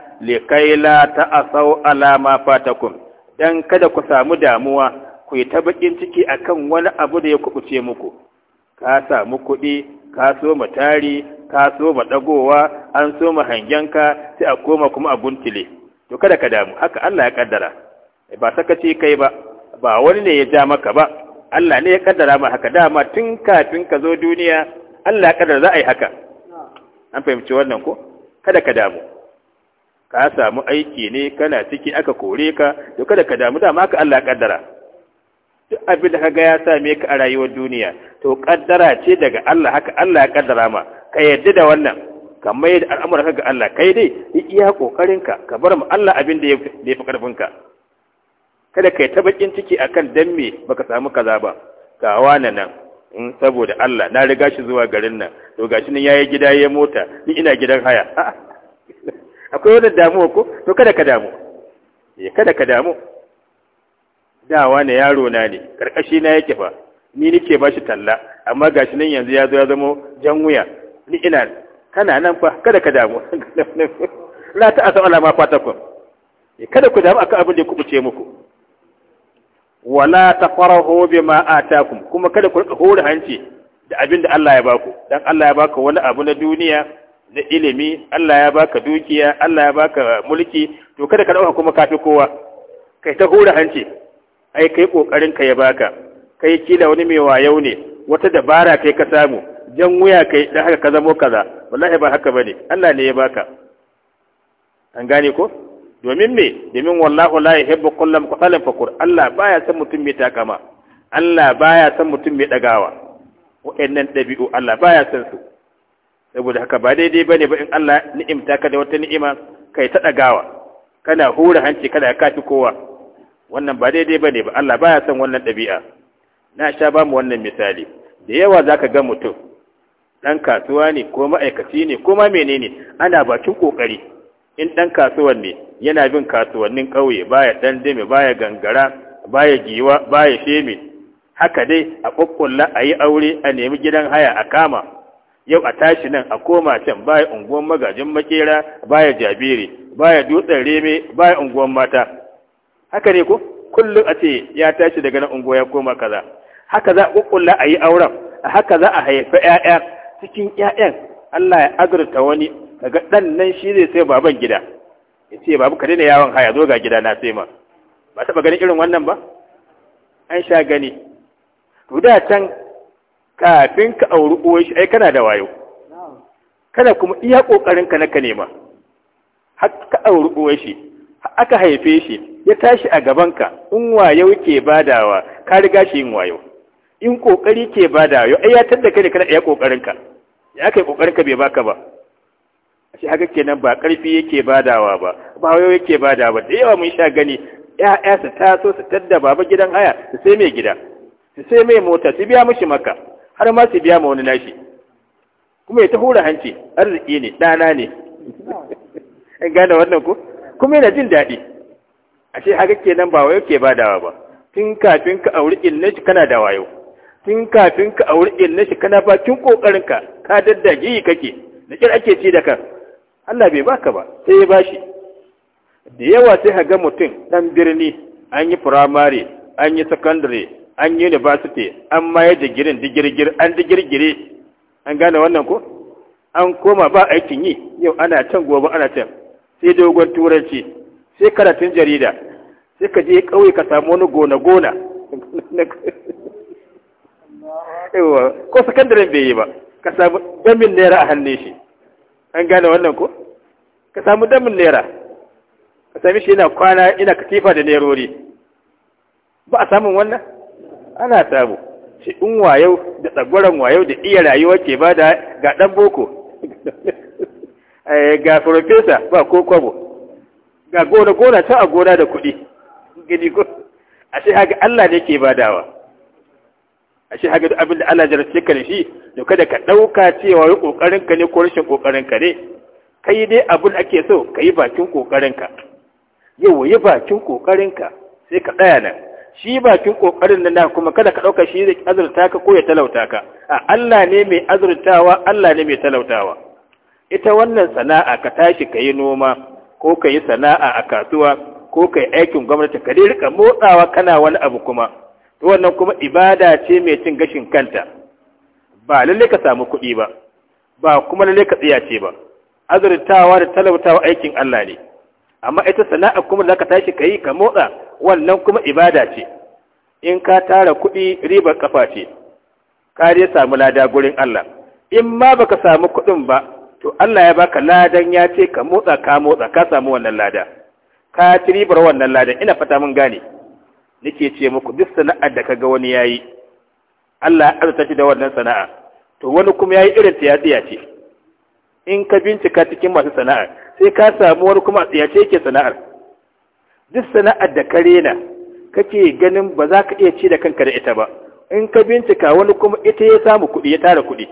[SPEAKER 1] la ta asau alama fatakun, dan kada ku samu damuwa ku yi ta bakin ciki akan wani abu da ya kubuce muku ka samu kuɗi ka so ma tari ka so ma dagowa an so hangenka sai a koma kuma a guntile to kada ka damu haka Allah ya kaddara ba sakaci kai ba ba wani ne ya ja maka ba Allah ne ya kaddara ma haka dama tun kafin ka zo duniya Allah ya za a yi haka an fahimci wannan ko kada ka damu ka samu aiki ne kana ciki aka kore ka to kada ka damu dama ka Allah ya kaddara duk abin da kaga ya same ka a rayuwar duniya to kaddara ce daga Allah haka Allah ya kaddara ma ka yarda da wannan kamar yadda al'amuranka ga Allah kai dai yi iya kokarin ka ka bar mu Allah abin da ya fi karfin ka kada kai ta bakin ciki akan dan me baka samu kaza ba ga na nan in mm, saboda Allah na riga shi zuwa garin nan to gashi nan yayi gida yayi mota ni ina gidan haya akwai wani damuwa ko to kada ka damu eh kada ka damu dawa ne yaro na ne karkashi na yake fa ni nake bashi talla amma gashi nan yanzu ya zo ya zama jan wuya ni ina kana nan fa kada ka damu la ta asala ma fatakum eh, kada ku damu akan abin da ya kubuce muku wala tafarahu bima atakum kuma kada ku rika hore hanci da abin da Allah ya baku dan Allah ya baka wani abu na duniya na ilimi Allah ya baka dukiya Allah ya baka mulki to kada ka dauka kuma kafi kowa kai ta hore hanci ai kai kokarin ka ya baka kai kila wani mai wayau ne wata dabara kai ka samu jan wuya kai dan haka ka zamo kaza wallahi ba haka bane Allah ne ya baka an gane ko domin me domin wallahu la yuhibbu kulla muqtalin fakur Allah baya san mutum mai takama Allah baya san mutum mai dagawa wa'annan dabi'u Allah baya san su saboda haka ba daidai bane ba in Allah ni'imta ka da wata ni'ima kai ta dagawa kana hura hanci kada ka kafi kowa wannan ba daidai bane ba Allah baya san wannan dabi'a na sha ba mu wannan misali da yawa zaka ga mutum dan kasuwa ne ko ma'aikaci ne ko ma menene ana bakin kokari in ɗan kasuwan ne yana bin kasuwannin ƙauye baya ɗan dame baya gangara baya giwa baya sheme haka dai a ƙwaƙƙulla a yi aure a nemi gidan haya a kama yau a tashi nan a koma can baya unguwan magajin makera baya jabiri baya dutsen reme baya unguwan mata haka ne ko kullum a ce ya tashi daga nan unguwa ya koma kaza haka za a ƙwaƙƙulla a yi auren haka za a haifi 'ya'ya cikin 'ya'yan Allah ya azurta wani kaga ɗan nan shi zai sai baban gida ya ce babu ka daina yawon haya zo ga gida na sai ma ba taɓa ganin irin wannan ba an sha gani to da can kafin ka auri uwan shi ai kana da wayo kana kuma iya kokarin ka na nema har ka auri uwan shi aka haife shi ya tashi a gaban ka in wayo ke badawa ka riga shi yin wayo in kokari ke badawa ai ya tadda kai ne kana iya kokarin ka ya kai kokarin ka bai baka ba shi haka kenan ba ƙarfi yake badawa ba ba wayo yake badawa da yawa mun sha gani ƴaƴa su taso su tadda baba gidan haya su sai mai gida su sai mai mota su biya mishi maka har ma su biya ma wani nashi kuma ya ta hura hanci arziki ne ɗana ne an gane wannan ko kuma yana jin daɗi ashe haka kenan ba wayo ke badawa ba tun kafin ka auri inna shi kana da wayo tun kafin ka auri inna shi kana bakin kokarinka ka daddage yi kake da kira ake ci da kan Allah bai baka ba sai ya bashi da yawa sai haga mutum ɗan birni an yi firamare an yi secondary an yi university an ma ya digirin digirgir an digirgire an gane wannan ko an koma ba aikin yi yau ana can gobe ana can sai dogon turanci sai karatun jarida sai ka je kauye ka samu wani gona-gona ko sakandaren bai yi ba ka samu ɗan naira a hannun shi an gane wannan ko ka samu damin naira ka sami shi yana kwana ina katifa da nerori ba a samun wannan ana samu shi in wayau da tsagwaron wayau da iya rayuwa ke ba da ga ɗan boko eh, ga farfesa ba ko kwabo ga gona gona ta a gona da kuɗi gani ko a sai haka Allah ne ke badawa ashe haka duk abin da Allah jarabce ka da shi to kada ka ɗauka cewa wai ƙoƙarin ka ne ko rashin ƙoƙarin ka ne kai dai abin ake so ka yi bakin ƙoƙarin ka yau yi bakin ƙoƙarin ka sai ka tsaya nan shi bakin ƙoƙarin nan na kuma kada ka ɗauka shi zai azurta ka ko ya talauta ka a Allah ne mai azurtawa Allah ne mai talautawa ita wannan sana'a ka tashi ka yi noma ko ka yi sana'a a kasuwa ko ka yi aikin gwamnati ka dai rika motsawa kana wani abu kuma wannan kuma ibada ce mai cin gashin kanta ba lalle ka samu kuɗi ba ba kuma lalle ka tsiyace ba azurtawa da talautawa aikin Allah ne amma ita sana'a kuma da ka tashi ka yi ka motsa wannan kuma ibada ce in ka tara kuɗi riba kafa ce ka je samu lada gurin Allah in ma baka samu kuɗin ba to Allah ya baka ladan ya ce ka motsa ka motsa ka samu wannan lada ka ci ribar wannan lada ina fata mun gane nake ce muku duk sana'ar da kaga wani yayi Allah ya azurta shi da wannan sana'a to wani kuma yayi irin ta ya ce in ka bincika cikin masu sana'ar sai ka samu wani kuma ya ce yake sana'ar duk sana'ar da ka rena kake ganin ba za ka iya ci da kanka da ita ba in ka bincika wani kuma ita ya samu kuɗi ya tara kuɗi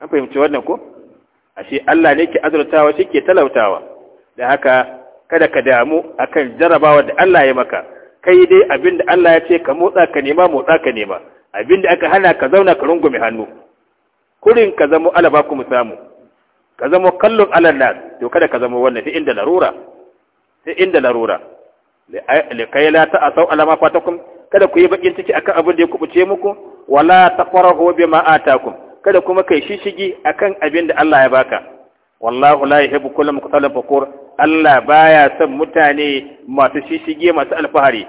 [SPEAKER 1] an fahimci wannan ko ashe Allah ne ke azurtawa shi ke talautawa da haka kada ka damu akan jarabawa da Allah ya maka kai dai abinda Allah ya ce ka motsa ka nema motsa ka nema abinda aka hana ka zauna ka rungume hannu kurin ka zamo alaba ku samu ka zama kallon alal nas to kada ka zama wannan sai inda larura sai inda larura li kai la ta asau alama fatakum kada ku yi bakin ciki akan abin da ya kubuce muku wala taqrahu bima atakum kada kuma kai shishigi akan abin da Allah ya baka wallahu la yuhibbu kullu muqtalin fakur Allah baya son mutane masu shishige masu alfahari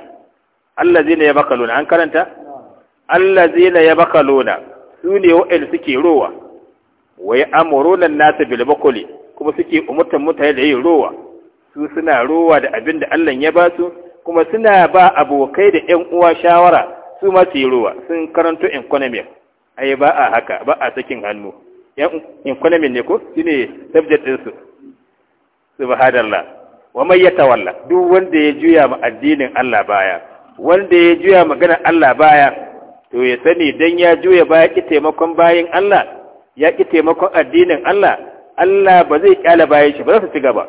[SPEAKER 1] ya baka luna an karanta ya baka luna su ne wa'anda suke rowa wa ya'muruna an-nasa bil kuma suke umurtan mutane da yi rowa su suna rowa da abin da Allah ya ba su kuma suna ba abokai da yan uwa shawara su ma su yi rowa sun karanto economic ai ba a haka ba a sakin hannu ƴan economic ne ko shine subject din subhanallah wa ya tawalla duk wanda ya juya ma addinin Allah baya wanda ya juya magana Allah baya to ya sani dan ya juya baya ki taimakon bayin Allah ya ki taimakon addinin Allah Allah ba zai kyala bayan shi ba za su ci gaba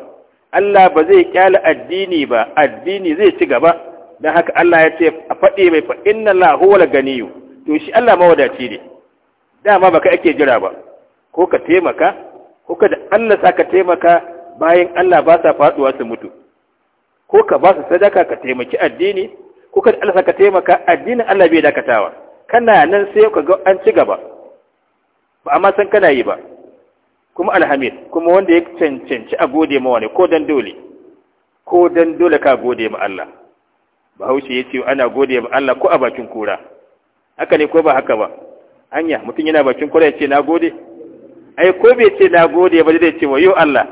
[SPEAKER 1] Allah ba zai kyala addini ba addini zai ci gaba dan haka Allah ya ce a faɗi mai fa inna la huwal ganiyyu to shi Allah mawadaci ne dama baka ake jira ba ko ka taimaka ko ka da Allah sa ka taimaka bayan Allah ba sa faduwa su mutu ko ka ba su sadaka ka taimaki addini kuka Allah ka taimaka addinin Allah bai dakatawa kana nan sai ka ga an ci gaba ba amma san kana yi ba kuma alhamid kuma wanda ya cancanci a gode ma wani ko dan dole ko dan dole ka gode ma Allah bahaushe ya ce ana gode ma Allah ko a bakin kura haka ne ko ba haka ba anya mutum yana bakin kura ya ce na gode ai ko bai ce na gode ba zai ce wa yau Allah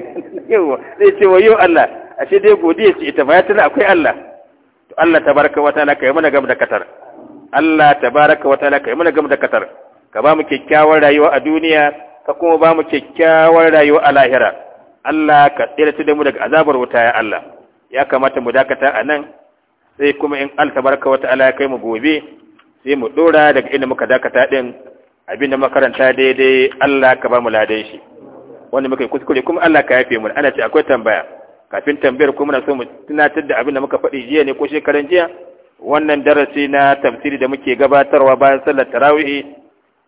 [SPEAKER 1] zai ce wa yau Allah ashe dai godiya ce ita ba ya tana akwai Allah to Allah baraka wa ta'ala kai mana gam da katar Allah baraka wa ta'ala kai mana gam da katar ka ba mu kyakkyawar rayuwa a duniya ka kuma ba mu kyakkyawar rayuwa a lahira Allah ka tsira da mu daga azabar wuta ya Allah ya kamata mu dakata a nan sai kuma in Allah tabaraka wa ta'ala kai mu gobe sai mu dora daga inda muka dakata din abinda makaranta daidai Allah ka ba mu ladan shi wanda muka yi kuskure kuma Allah ka yafe mu ana ce akwai tambaya kafin tambayar kuma na so mu tunatar da abin da muka faɗi jiya ne ko shekaran jiya wannan darasi na tafsiri da muke gabatarwa bayan sallar tarawih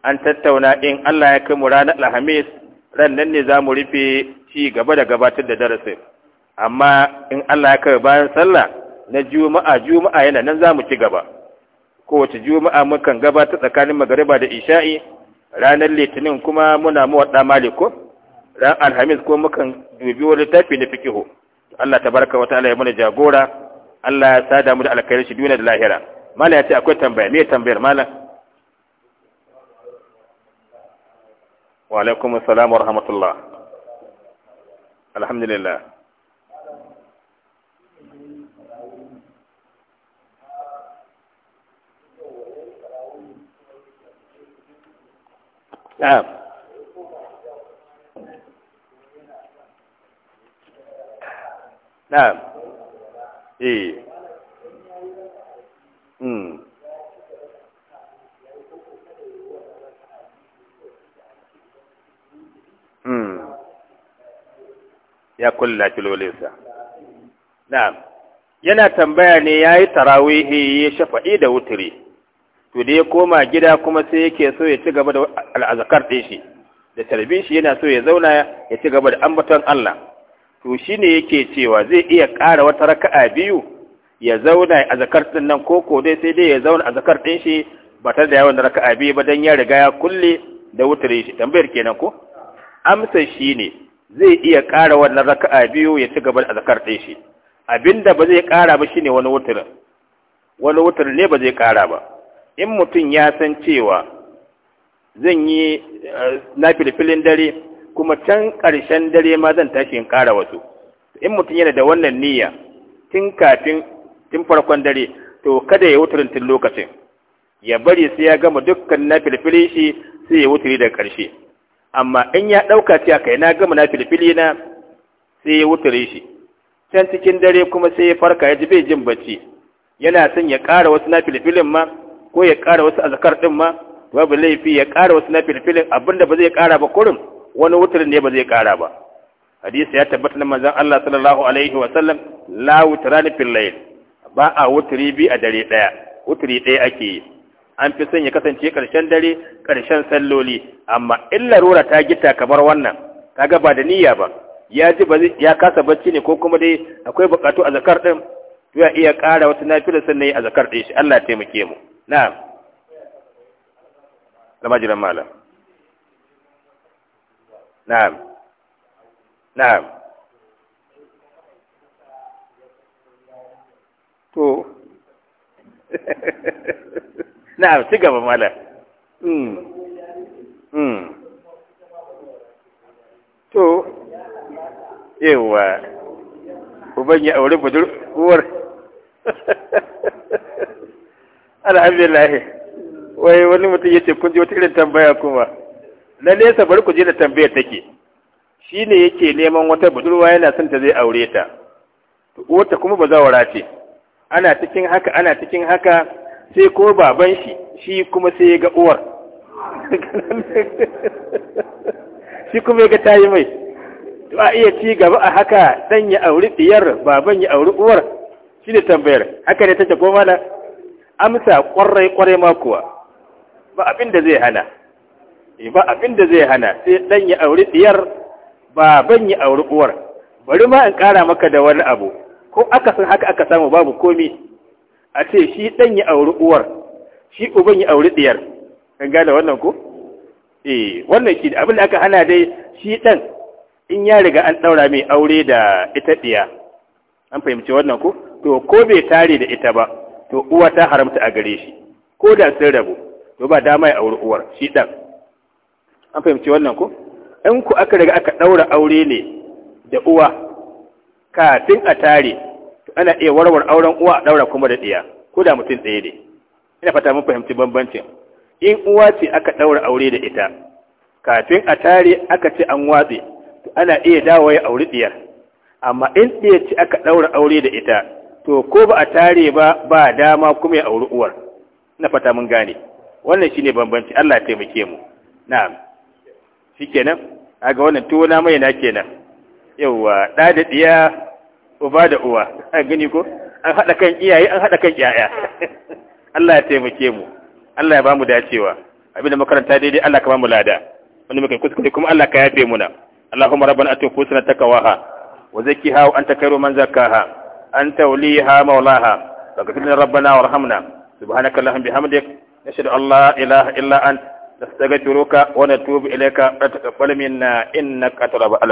[SPEAKER 1] an tattauna in Allah ya kai mu ranar Alhamis ran nan ne zamu rufe ci gaba da gabatar da darasi amma in Allah ya kai bayan sallah na juma'a juma'a yana nan zamu ci gaba kowace juma'a mukan gabatar tsakanin magariba da isha'i ranar litinin kuma muna muwadda maliko ran alhamis ko mukan dubi wani tafi na fikihu Allah tabaraka wa ta'ala ya mana jagora Allah ya sada mu da alkhairin shi duniya da lahira mala ya ce akwai tambaya me tambayar mala wa alaikum assalam wa rahmatullah alhamdulillah na'am na'am eh mm mm ya kulla na'am yana tambaya ne ya yi tarawihi ya shafa'i da wuturi to da ya koma gida kuma sai yake so ya ci gaba da al'azakar ɗin shi da tarbin shi yana so ya zauna ya ci gaba da ambaton Allah to shine yake cewa zai iya ƙara wata raka'a biyu ya zauna a zakar ɗin nan koko dai sai dai ya zauna a zakar ɗin shi ba tare da yawan raka'a biyu ba don ya riga ya kulle da wutar shi tambayar kenan ko amsa shi ne zai iya ƙara wannan raka'a biyu ya ci gaba da zakar ɗin shi abinda ba zai ƙara ba shine wani wutar wani wutar ne ba zai ƙara ba in mutum ya san cewa zan yi eh, na filfilin dare kuma can ƙarshen dare ma zan tashi in ƙara wasu in mutum yana da wannan niyya tun kafin tun farkon dare to kada ya wuturin tun lokacin ya bari sai ya gama dukkan na filfili shi sai ya wuturi da ƙarshe amma in ya ɗauka cewa kai na gama na filfili na sai ya wuturi shi can cikin dare kuma sai ya farka ya ji bai jin bacci yana son ya ƙara wasu na filfilin ma ko ya ƙara wasu azkar ɗin ma babu laifi ya ƙara wasu na filfilin abinda ba zai ƙara ba kurum wani wutar ne ba zai kara ba hadisi ya tabbata na manzon Allah sallallahu alaihi wa sallam la ni fil layl ba a wutari bi a dare daya wutari daya ake yi an fi son ya kasance karshen dare karshen salloli amma illa rura ta gita kamar wannan kaga ba da niyya ba ya ji ba ya kasa bacci ne ko kuma dai akwai bukatu a zakar din to ya iya kara wata nafila sannan a zakar din shi Allah ya taimake mu na'am lamajiran jiran malam na'am na'am to na'am ci gaba malam mm mm to yawa uban ya aure budur uwar alhamdulillah wai wani mutum ya ce kun ji wata irin tambaya kuma na nesa bari ku je da tambayar take shi ne yake neman wata budurwa yana son ta zai aure ta wata kuma ba zawara ce ana cikin haka ana cikin haka sai ko baban shi shi kuma sai ya ga uwar shi kuma ya ga tayi mai a iya ci gaba a haka dan ya auri diyar baban ya auri uwar shi ne tambayar haka ne take ko mana amsa kwarai kwarai ma kuwa ba abin da zai hana Eh, ba abin da zai hana sai dan ya auri diyar ba ban ya auri uwar bari ma in kara maka da wani abu ko aka san haka aka samu babu komi a ce shi dan ya auri uwar shi uban ya auri diyar kan gane wannan ko eh wannan shi abin da aka hana dai shi dan in ya riga an daura mai aure da ita diya an fahimci wannan ko to ko bai tare da ita ba to uwa ta haramta a gare shi ko da sun rabu to ba dama ya auri uwar shi dan an fahimci wannan ko in ku aka riga aka ɗaura aure ne da uwa kafin a tare ana iya warware auren uwa a ɗaura kuma da ɗiya ko da mutum ɗaya ne ina fata mun fahimci bambancin in uwa ce aka ɗaura aure da ita kafin a tare aka ce an watse ana iya dawo ya auri ɗiyar amma in ɗaya ce aka ɗaura aure da ita to ko ba a tare ba ba dama kuma ya auri uwar ina fata mun gane wannan shine bambanci Allah ya taimake mu na'am a ga wannan tuwo na mai na kenan yawa da da diya uba da uwa an gani ko an hada kan iyaye an hada kan yaya Allah ya taimake mu Allah ya bamu dacewa abinda makaranta daidai Allah ka bamu lada wani muka kuskure kuma Allah ka yafe muna Allahumma rabbana atina husna takawaha wa zakkiha wa anta khairu man zakkaha anta waliha mawlaha فاغفر لنا rabbana warhamna subhanaka allahumma بحمدك نشهد an la ilaha illa anta da su daga turuka wani tubi ileka ɓarta ƙaƙƙalmin na inna ƙatar